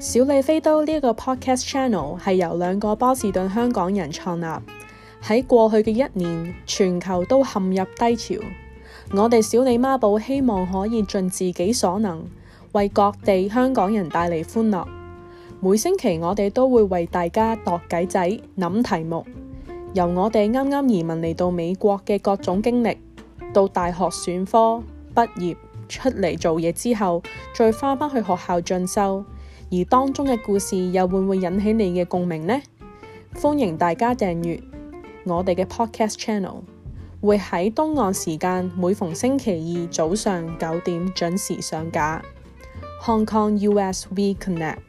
小李非都呢一個 podcast channel 係由兩個波士頓香港人創立。喺過去嘅一年，全球都陷入低潮。我哋小李孖寶希望可以盡自己所能，為各地香港人帶嚟歡樂。每星期我哋都會為大家度計仔，諗題目，由我哋啱啱移民嚟到美國嘅各種經歷，到大學選科、畢業、出嚟做嘢之後，再返返去學校進修。而當中嘅故事又會唔會引起你嘅共鳴呢？歡迎大家訂閱我哋嘅 podcast channel，會喺東岸時間每逢星期二早上九點準時上架。Hong Kong US we Connect。